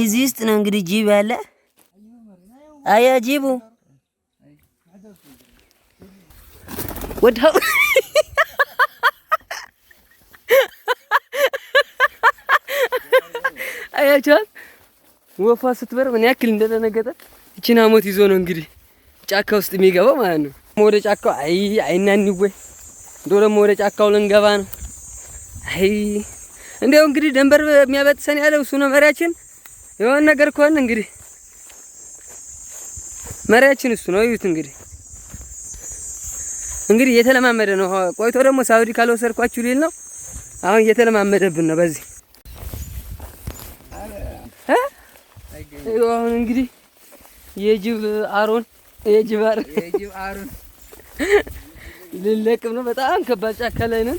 እዚህ ውስጥ ነው እንግዲህ ጅብ ያለ። አያ ጅቡ ወዳው አያቻት ወፏ ስትበር ምን ያክል እንደደነገጠ እቺን ሐሞት ይዞ ነው እንግዲህ ጫካ ውስጥ የሚገባው ማለት ነው። ወደ ጫካው አይ አይናኒ ወይ ዶሮ ወደ ጫካው ልንገባ ነው። አይ እንዲያው እንግዲህ ደንበር የሚያበጥሰን ያለው እሱ ነው መሪያችን። የሆነ ነገር ከሆነ እንግዲህ መሪያችን እሱ ነው። እዩት እንግዲህ እንግዲህ እየተለማመደ ነው። ቆይቶ ደግሞ ሳውዲ ካልወሰድኳችሁ ሊል ነው። አሁን እየተለማመደብን ነው። በዚህ አሁን እንግዲህ የጅብ አሮን የጅብ አሮን ልንለቅም ነው። በጣም ከባድ ጫካ ላይ ነን፣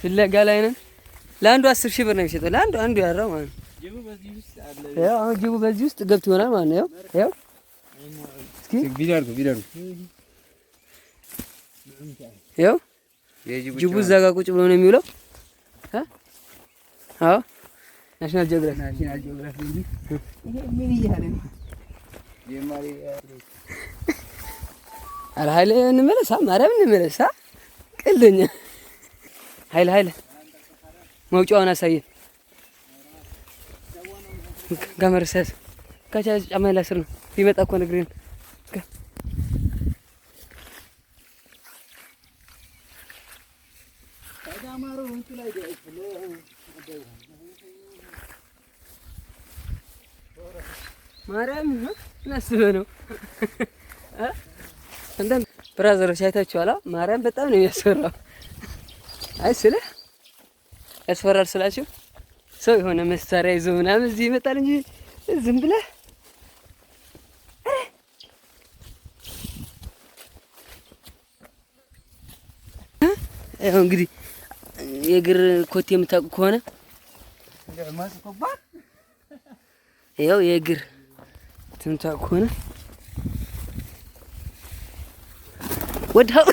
ፍለጋ ላይ ነን ለአንዱ አስር ሺህ ብር ነው የሚሰጠው። ለአንዱ አንዱ ያረው ማለት ነው። ያው አሁን ጅቡ በዚህ ውስጥ ገብቶ ይሆናል ማለት ነው። ያው እስኪ ቢዳርኩ ቢዳርኩ ያው ጅቡ እዛ ጋር ቁጭ ብሎ ነው የሚውለው። አዎ ናሽናል ጂኦግራፊ ናሽናል ጂኦግራፊ እንጂ ምን እያለ ነው? ኧረ ኃይል እንመለሳ፣ ማርያም እንመለሳ። ቅልኛ ኃይል ኃይል መውጫውን አሳየ። ጋመርሰስ ከቻ ጫማ ላስር ነው ቢመጣ እኮ ነግሬን ማርያም እናስበህ ነው እንደ ብራዘሮች አይታችኋላ። ማርያም በጣም ነው የሚያስፈራው። አይ ስልህ ያስፈራል ስላችሁ ሰው የሆነ መሳሪያ ይዞ ምናምን እዚህ ይመጣል እንጂ ዝም ብለህ ያው እንግዲህ የእግር ኮት የምታውቁ ከሆነ ያው የእግር ትምታውቁ ከሆነ ወዳው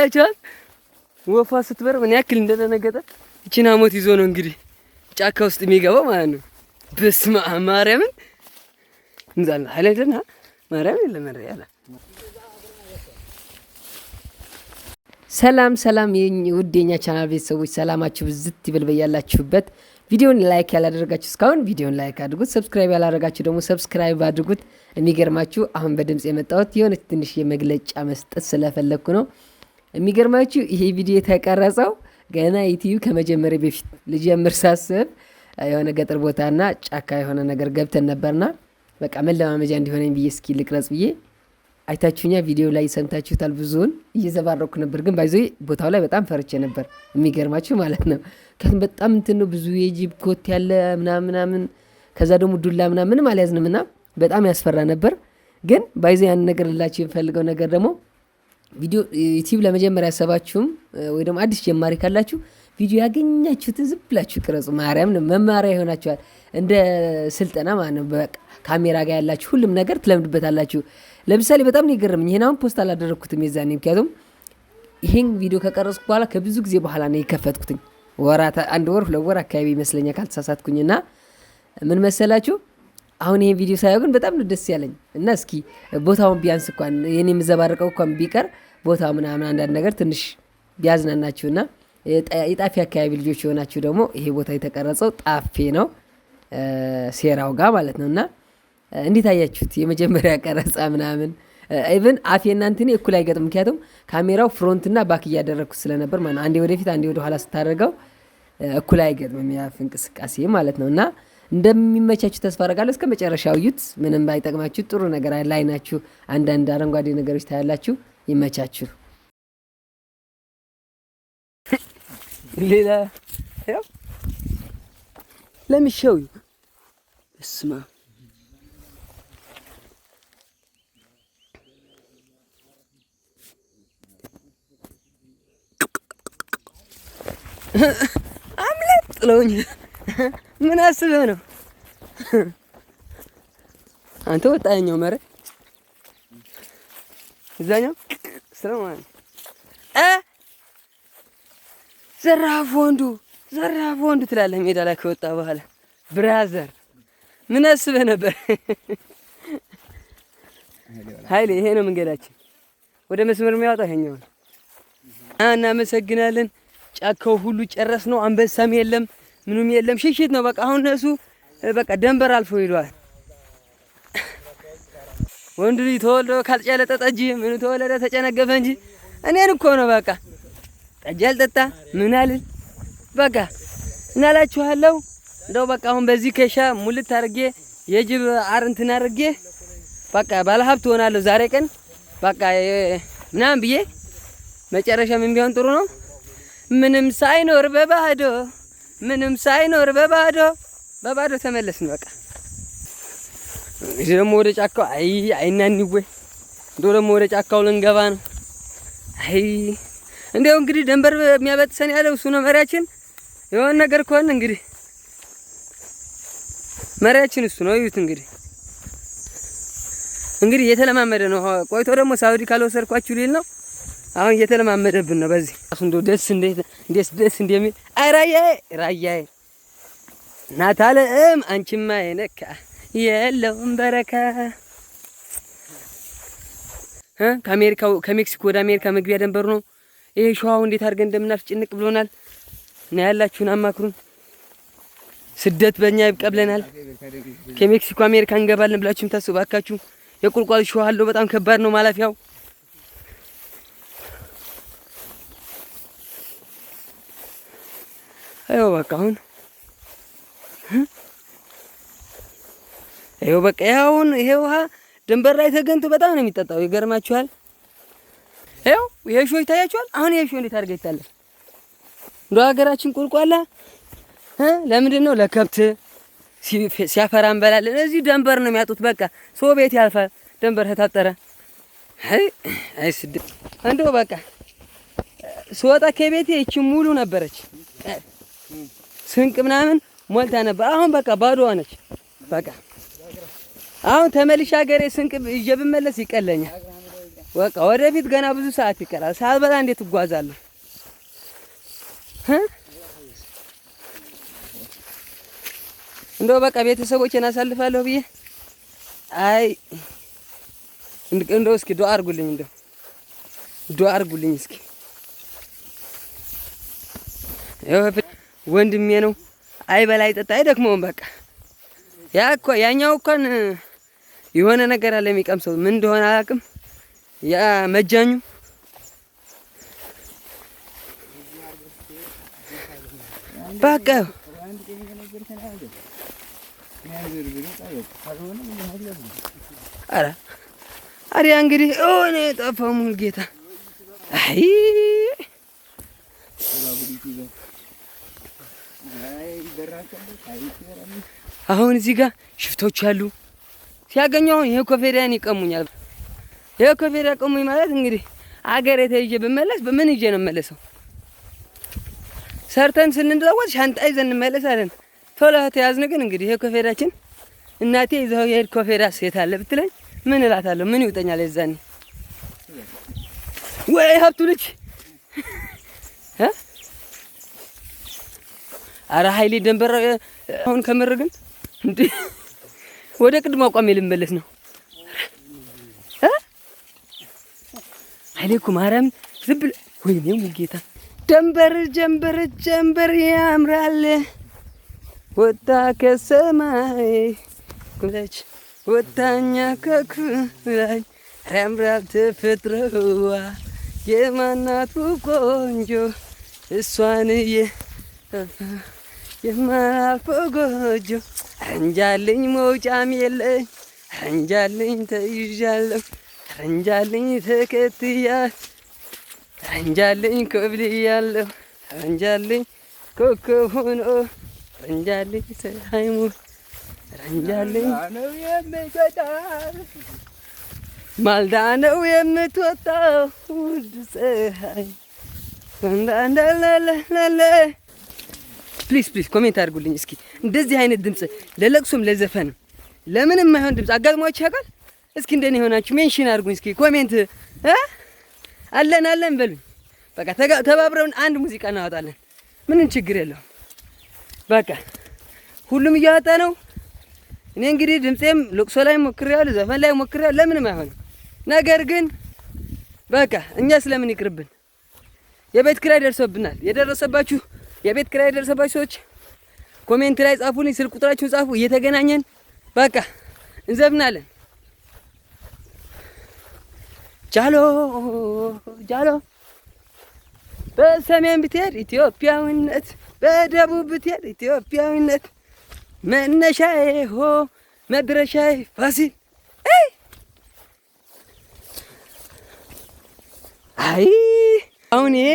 አያችኋት ወፏ ስትበር ምን ያክል እንደተነገጠ። እቺን ሐሞት ይዞ ነው እንግዲህ ጫካ ውስጥ የሚገባው ማለት ነው። በስመ አብ ማርያምን እንዛል አለደና ማርያም ለመረ ያለ ሰላም ሰላም፣ ውድ የኛ ቻናል ቤተሰቦች ሰላማችሁ ብዝት ይበል በያላችሁበት። ቪዲዮን ላይክ ያላደረጋችሁ እስካሁን ቪዲዮን ላይክ አድርጉት። ሰብስክራይብ ያላደረጋችሁ ደግሞ ሰብስክራይብ አድርጉት። የሚገርማችሁ አሁን በድምፅ የመጣሁት የሆነች ትንሽ የመግለጫ መስጠት ስለፈለግኩ ነው። የሚገርማችሁ ይሄ ቪዲዮ የተቀረጸው ገና ዩቲዩብ ከመጀመሪያ በፊት ልጀምር ሳስብ የሆነ ገጠር ቦታና ጫካ የሆነ ነገር ገብተን ነበርና በቃ መለማመጃ እንዲሆነኝ ብዬ እስኪ ልቅረጽ ብዬ አይታችሁኛ ቪዲዮ ላይ ሰምታችሁታል። ብዙውን እየዘባረኩ ነበር፣ ግን ባይዞ ቦታው ላይ በጣም ፈርቼ ነበር። የሚገርማችሁ ማለት ነው። ከዚም በጣም እንትን ነው ብዙ የጅብ ኮት ያለ ምናምናምን፣ ከዛ ደግሞ ዱላ ምናምን አልያዝንም እና በጣም ያስፈራ ነበር። ግን ባይዞ ያን ነገር ልላችሁ የምፈልገው ነገር ደግሞ ቪዲዮ ዩቲዩብ ለመጀመሪያ ያሰባችሁም ወይ ደግሞ አዲስ ጀማሪ ካላችሁ ቪዲዮ ያገኛችሁትን ዝም ብላችሁ ቅረጹ። ማርያም መማሪያ ይሆናችኋል፣ እንደ ስልጠና ማለት ነው። በቃ ካሜራ ጋር ያላችሁ ሁሉም ነገር ትለምድበታላችሁ። ለምሳሌ በጣም ነው የገረመኝ። ይህን አሁን ፖስት አላደረግኩትም የዛኔ፣ ምክንያቱም ይህን ቪዲዮ ከቀረጽኩ በኋላ ከብዙ ጊዜ በኋላ ነው የከፈትኩትኝ። ወራት አንድ ወር ሁለት ወር አካባቢ ይመስለኛል ካልተሳሳትኩኝ። እና ምን መሰላችሁ አሁን ይሄን ቪዲዮ ሳየው ግን በጣም ነው ደስ ያለኝ እና እስኪ ቦታውን ቢያንስ እንኳን የኔ የምዘባረቀው እንኳን ቢቀር ቦታው ምናምን አንዳንድ ነገር ትንሽ ቢያዝናናችሁና የጣፌ አካባቢ ልጆች የሆናችሁ ደግሞ ይሄ ቦታ የተቀረጸው ጣፌ ነው፣ ሴራው ጋር ማለት ነው። እና እንዴት አያችሁት? የመጀመሪያ ቀረጻ ምናምን ኢቨን አፌ እናንትኔ እኩል አይገጥም። ምክንያቱም ካሜራው ፍሮንትና ባክ እያደረግኩት ስለነበር ማለት ነው። አንዴ ወደፊት አንዴ ወደኋላ ስታደርገው እኩል አይገጥምም የአፍ እንቅስቃሴ ማለት ነው እና እንደሚመቻችሁ ተስፋ አደርጋለሁ። እስከ መጨረሻው እዩት። ምንም ባይጠቅማችሁ ጥሩ ነገር ላይናችሁ አንዳንድ አረንጓዴ ነገሮች ታያላችሁ። ይመቻችሁ። ሌላ ለሚሸው ስማ አምለጥ ጥለውኝ ምን አስበህ ነው አንተ? ወጣኛው መረ እዛኛው ስለማን እ ዘራፍ ወንዱ ዘራፍ ወንዱ ትላለህ ሜዳ ላይ ከወጣ በኋላ ብራዘር፣ ምን አስበህ ነበር? ኃይሌ ይሄ ነው መንገዳችን ወደ መስመር የሚያወጣ ይሄኛው ነው። እናመሰግናለን። ጫካው ሁሉ ጨረስ ነው። አንበሳም የለም። ምንም የለም፣ ሽሽት ነው በቃ። አሁን እነሱ በቃ ደንበር አልፎ ሄዷል። ወንድ ልጅ ተወልዶ ካልጨለጠ ጠጅ ምን ተወለደ ተጨነገፈ እንጂ እኔን እኮ ነው በቃ ጠጅ አልጠጣ ምን አልን በቃ እናላችኋለሁ። እንደው በቃ አሁን በዚህ ከሻ ሙልት አድርጌ የጅብ አርንት አድርጌ በቃ ባለሀብት ሆናለሁ ዛሬ ቀን በቃ ምናምን ብዬ መጨረሻ ምን ቢሆን ጥሩ ነው? ምንም ሳይኖር በባዶ ምንም ሳይኖር በባዶ በባዶ ተመለስን። በቃ እዚህ ደግሞ ወደ ጫካው አይ አይናኒዌ እንደው ደግሞ ወደ ጫካው ልንገባ ነው። አይ እንደው እንግዲህ ደንበር የሚያበጥሰን ያለው እሱ ነው መሪያችን። የሆነ ነገር ከሆነ እንግዲህ መሪያችን እሱ ነው። እዩት እንግዲህ እንግዲህ የተለማመደ ነው። ቆይቶ ደግሞ ሳውዲ ካልወሰድኳችሁ ሊል ነው። አሁን እየተለማመደብን ነው። በዚህ እንዶ ደስ እንዴት እንዴት ደስ እንደሚል አራያዬ ራያዬ ናታለም አንቺማ የነካ የለውም በረካ እ ከአሜሪካ ከሜክሲኮ ወደ አሜሪካ መግቢያ ደንበሩ ነው ይሄ ሸዋው። እንዴት አድርገን እንደምናልፍ ጭንቅ ብሎናል። እና ያላችሁን አማክሩን። ስደት በእኛ ይብቃ ከሜክሲኮ አሜሪካ እንገባለን ብላችሁም ታስቡ ባካችሁ። የቁልቋል ሸዋ አለው በጣም ከባድ ነው ማለፊያው። ይኸው በቃ አሁን ይኸው በቃ አሁን ይሄ ውሃ ድንበር ላይ ተገንቶ በጣም ነው የሚጠጣው። ይገርማችኋል። ይኸው ይሄ ሾህ ይታያችኋል። አሁን ይሄ ሾህ እንዴት አድርጋ ይታለፍ እንደ ሀገራችን ቁልቋላ ለምንድን ነው ለከብት ሲያፈራ እንበላለን። እዚህ ደንበር ነው የሚያጡት። በቃ ሰው ቤት ያልፋል ደንበር ተታጠረ። አይ ስድ እንደው በቃ ስወጣ ከቤቴ ይቺ ሙሉ ነበረች። ስንቅ ምናምን ሞልታ ነበር። አሁን በቃ ባዶ ሆነች። በቃ አሁን ተመልሼ ሀገሬ ስንቅ ይዤ ብመለስ ይቀለኛል። በቃ ወደፊት ገና ብዙ ሰዓት ይቀራል። ሰዓት በላ እንዴት እጓዛለሁ? እንደው በቃ ቤተሰቦቼን አሳልፋለሁ ብዬ አይ እንደው እስኪ ዱአ አድርጉልኝ፣ እንደው ዱአ አድርጉልኝ እስኪ ወንድሜ ነው። አይ በላይ ጠጣ አይደክመውም። በቃ ያ እኮ ያኛው እኮን የሆነ ነገር አለ የሚቀምሰው ምን እንደሆነ አላውቅም። ያ መጃኙ በቃ አረ አሪያ እንግዲህ ሆነ የጠፋው ጌታ አይ አሁን እዚህ ጋር ሽፍቶች አሉ። ሲያገኙ አሁን ይሄ ኮፌዳን ይቀሙኛል። ይሄ ኮፌዳ ቀሙኝ ማለት እንግዲህ አገር የተይዤ ብመለስ በምን ይዤ ነው መለሰው? ሰርተን ስንለወጥ ሻንጣ ይዘን እንመለሳለን። ቶሎ ተያዝን። ግን እንግዲህ ይሄ ኮፌዳችን እናቴ ይዘው የሄድ ኮፌዳ ሴት አለ ብትለኝ ምን እላታለሁ? ምን ይውጠኛል? የዛኔ ወይ ሀብቱ ልጅ አረ ኃይሌ ደንበር አሁን ከምር ግን እንዴ ወደ ቅድመ አቋሜ ልመለስ ነው። ኃይሌ እኮ ማርያም ዝም ብለህ ወይኔ ሙጌታ ደንበር ጀንበር ጀንበር ያምራል ወጣ ከሰማይ ኩላች ወጣኛ ከኩላይ ያምራል ተፈጥሮዋ የማናቱ ቆንጆ እሷን እየ የማያልፈው ጎጆ ረንጃልኝ መውጫም የለኝ ረንጃልኝ ተይዣለሁ ረንጃልኝ ተከትያ ረንጃልኝ ኮብልያለሁ ረንጃልኝ ኮከብ ሆኖ ረንጃልኝ ሰሃይሙ ረንጃልኝ ማልዳ ነው የምትወጣው ውድ ፀሐይ ፕሊስ ፕሊስ ኮሜንት አድርጉልኝ እስኪ። እንደዚህ አይነት ድምፅ ለለቅሶም ለዘፈንም ለምንም የማይሆን ድምፅ አጋጥሟችሁ ያውቃል? እስኪ እንደኔ የሆናችሁ ሜንሽን አድርጉኝ እስኪ ኮሜንት አለን አለን በሉኝ። በቃ ተባብረውን አንድ ሙዚቃ እናወጣለን። ምንም ችግር የለውም። በቃ ሁሉም እያወጣ ነው። እኔ እንግዲህ ድምፄም ልቅሶ ላይ ሞክሬያለሁ፣ ዘፈን ላይ ሞክሬያለሁ። ለምንም አይሆንም። ነገር ግን በቃ እኛ ስለምን ይቅርብን። የቤት ኪራይ ደርሶብናል። የደረሰባችሁ የቤት ክራይ የደረሰባችሁ ሰዎች ኮሜንት ላይ ጻፉልኝ፣ ስልክ ቁጥራችሁን ጻፉ። እየተገናኘን በቃ እንዘብናለን። ጃሎ ጃሎ በሰሜን ብትሄድ ኢትዮጵያዊነት፣ በደቡብ ብትሄድ ኢትዮጵያዊነት። መነሻዬ ሆ መድረሻዬ ፋሲል። አይ አሁን ይሄ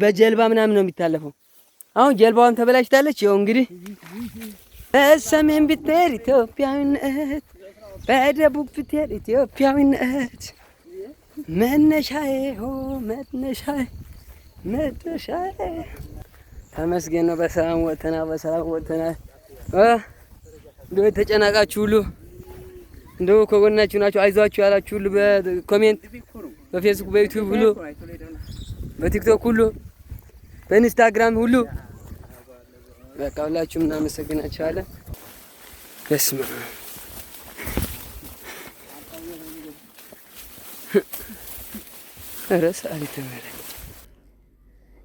በጀልባ ምናምን ነው የሚታለፈው። አሁን ጀልባዋን ተበላሽታለች። ያው እንግዲህ በሰሜን ብትሄድ ኢትዮጵያዊነት፣ በደቡብ ብትሄድ ኢትዮጵያዊነት መነሻዬ ሆ መነሻዬ መነሻዬ ተመስገን ነው። በሰላም ወተና በሰላም ወተና እ እንደው የተጨናቃችሁ ሁሉ እንደው ከጎናችሁ ናችሁ አይዟችሁ ያላችሁ ሁሉ በኮሜንት በፌስቡክ በዩቲዩብ ሁሉ በቲክቶክ ሁሉ በኢንስታግራም ሁሉ በቃ ሁላችሁም እናመሰግናችኋለን። በስመ አብ ረስ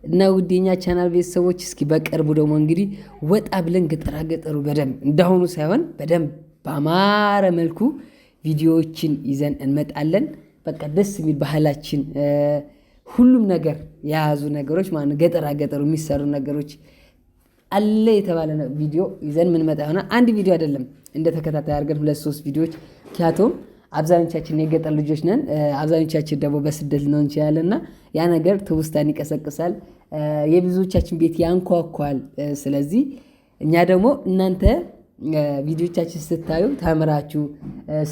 እና ውድ የኛ ቻናል ቤተሰቦች እስኪ በቅርቡ ደግሞ እንግዲህ ወጣ ብለን ገጠራ ገጠሩ በደንብ እንዳሁኑ ሳይሆን በደንብ በአማረ መልኩ ቪዲዮዎችን ይዘን እንመጣለን። በቃ ደስ የሚል ባህላችን ሁሉም ነገር የያዙ ነገሮች ማለት ገጠራ ገጠሩ የሚሰሩ ነገሮች አለ የተባለ ቪዲዮ ይዘን ምንመጣ ይሆናል። አንድ ቪዲዮ አይደለም እንደ ተከታታይ አድርገን ሁለት ሶስት ቪዲዮዎች ምክንያቱም አብዛኞቻችን የገጠር ልጆች ነን። አብዛኞቻችን ደግሞ በስደት ነው እንችላለን እና ያ ነገር ትውስታን ይቀሰቅሳል። የብዙዎቻችን ቤት ያንኳኳል። ስለዚህ እኛ ደግሞ እናንተ ቪዲዮቻችን ስታዩ ተምራችሁ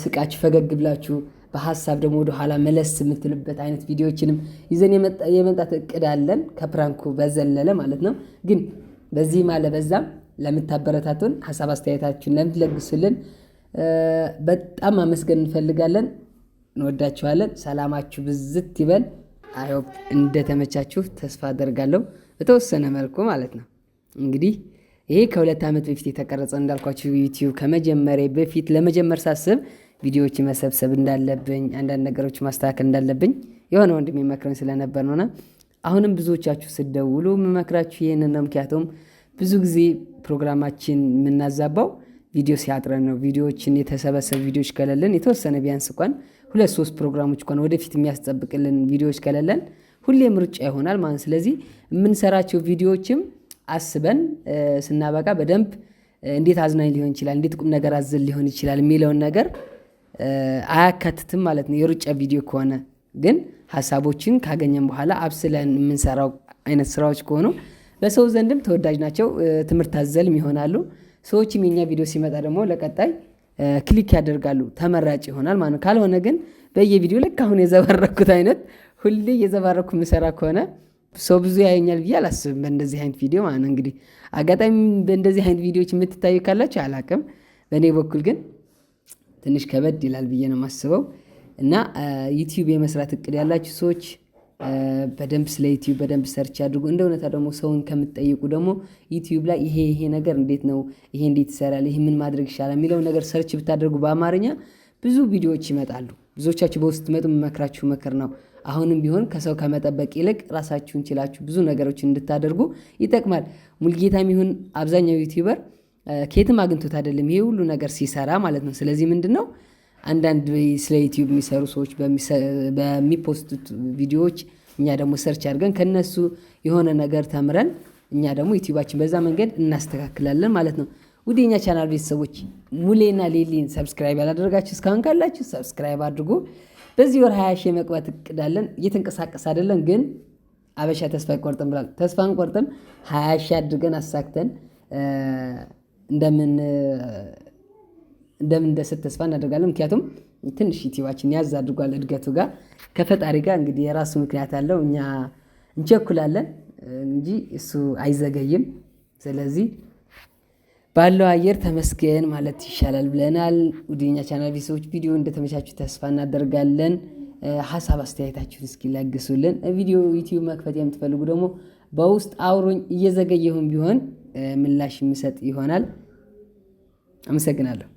ስቃችሁ ፈገግ ብላችሁ በሀሳብ ደግሞ ወደኋላ መለስ የምትልበት አይነት ቪዲዮዎችንም ይዘን የመምጣት እቅድ አለን። ከፕራንኩ በዘለለ ማለት ነው። ግን በዚህም አለ በዛም ለምታበረታቱን ሀሳብ አስተያየታችሁን ለምትለግሱልን በጣም አመስገን እንፈልጋለን። እንወዳችኋለን። ሰላማችሁ ብዝት ይበል። አይሆፕ እንደተመቻችሁ ተስፋ አደርጋለሁ። በተወሰነ መልኩ ማለት ነው እንግዲህ ይሄ ከሁለት ዓመት በፊት የተቀረጸ እንዳልኳችሁ ዩቲዩብ ከመጀመሪያ በፊት ለመጀመር ሳስብ ቪዲዮዎች መሰብሰብ እንዳለብኝ፣ አንዳንድ ነገሮች ማስተካከል እንዳለብኝ የሆነ ወንድም የመክረኝ ስለነበር ነውና አሁንም ብዙዎቻችሁ ስደውሉ የምመክራችሁ ይህንን ነው። ምክንያቱም ብዙ ጊዜ ፕሮግራማችን የምናዛባው ቪዲዮ ሲያጥረን ነው። ቪዲዮዎችን የተሰበሰቡ ቪዲዮዎች ከሌለን የተወሰነ ቢያንስ እንኳን ሁለት ሶስት ፕሮግራሞች እንኳን ወደፊት የሚያስጠብቅልን ቪዲዮዎች ከሌለን ሁሌም ምርጫ ይሆናል ማለት ስለዚህ የምንሰራቸው ቪዲዮዎችም አስበን ስናበቃ በደንብ እንዴት አዝናኝ ሊሆን ይችላል፣ እንዴት ቁም ነገር አዘል ሊሆን ይችላል የሚለውን ነገር አያካትትም ማለት ነው። የሩጫ ቪዲዮ ከሆነ ግን ሀሳቦችን ካገኘን በኋላ አብስለን የምንሰራው አይነት ስራዎች ከሆኑ በሰው ዘንድም ተወዳጅ ናቸው፣ ትምህርት አዘልም ይሆናሉ። ሰዎችም የኛ ቪዲዮ ሲመጣ ደግሞ ለቀጣይ ክሊክ ያደርጋሉ፣ ተመራጭ ይሆናል ማለት ነው። ካልሆነ ግን በየቪዲዮ ልክ አሁን የዘባረኩት አይነት ሁሌ እየዘባረኩ የምሰራ ከሆነ ሰው ብዙ ያየኛል ብዬ አላስብም። በእንደዚህ አይነት ቪዲዮ ማለት ነው። እንግዲህ አጋጣሚ በእንደዚህ አይነት ቪዲዮዎች የምትታዩ ካላችሁ አላቅም። በእኔ በኩል ግን ትንሽ ከበድ ይላል ብዬ ነው የማስበው። እና ዩቲዩብ የመስራት እቅድ ያላችሁ ሰዎች በደንብ ስለ ዩቲዩብ በደንብ ሰርች አድርጉ። እንደ እውነታ ደግሞ ሰውን ከምትጠይቁ ደግሞ ዩቲዩብ ላይ ይሄ ይሄ ነገር እንዴት ነው፣ ይሄ እንዴት ይሰራል፣ ይሄ ምን ማድረግ ይሻላል የሚለው ነገር ሰርች ብታደርጉ በአማርኛ ብዙ ቪዲዮዎች ይመጣሉ። ብዙዎቻችሁ በውስጥ መጡ መክራችሁ መክር ነው። አሁንም ቢሆን ከሰው ከመጠበቅ ይልቅ ራሳችሁን ችላችሁ ብዙ ነገሮች እንድታደርጉ ይጠቅማል። ሙልጌታም ይሁን አብዛኛው ዩቲዩበር ከየትም አግኝቶት አይደለም ይሄ ሁሉ ነገር ሲሰራ ማለት ነው። ስለዚህ ምንድን ነው አንዳንድ ስለ ዩቲዩብ የሚሰሩ ሰዎች በሚፖስቱት ቪዲዮዎች እኛ ደግሞ ሰርች አድርገን ከነሱ የሆነ ነገር ተምረን እኛ ደግሞ ዩቲዩባችን በዛ መንገድ እናስተካክላለን ማለት ነው። ውድ የኛ ቻናል ቤተሰቦች ሙሌና ሌሊን ሰብስክራይብ ያላደረጋችሁ እስካሁን ካላችሁ ሰብስክራይብ አድርጉ። በዚህ ወር ሀያ ሺህ መቅባት እቅዳለን። እየተንቀሳቀስ አይደለም ግን አበሻ ተስፋ አይቆርጥም ብሏል። ተስፋ አንቆርጥም። ሀያ ሺህ አድርገን አሳክተን እንደምን እንደምንደሰት ተስፋ እናደርጋለን። ምክንያቱም ትንሽ ዩቲዩባችን ያዝ አድርጓል እድገቱ ጋር ከፈጣሪ ጋር እንግዲህ የራሱ ምክንያት አለው። እኛ እንቸኩላለን እንጂ እሱ አይዘገይም። ስለዚህ ባለው አየር ተመስገን ማለት ይሻላል ብለናል። ውድኛ ቻናል ቤተሰቦች ቪዲዮ እንደተመቻችሁ ተስፋ እናደርጋለን። ሀሳብ አስተያየታችሁን እስኪ ላግሱልን። ቪዲዮ ዩቲዩብ መክፈት የምትፈልጉ ደግሞ በውስጥ አውሮኝ እየዘገየሁም ቢሆን ምላሽ የምሰጥ ይሆናል። አመሰግናለሁ።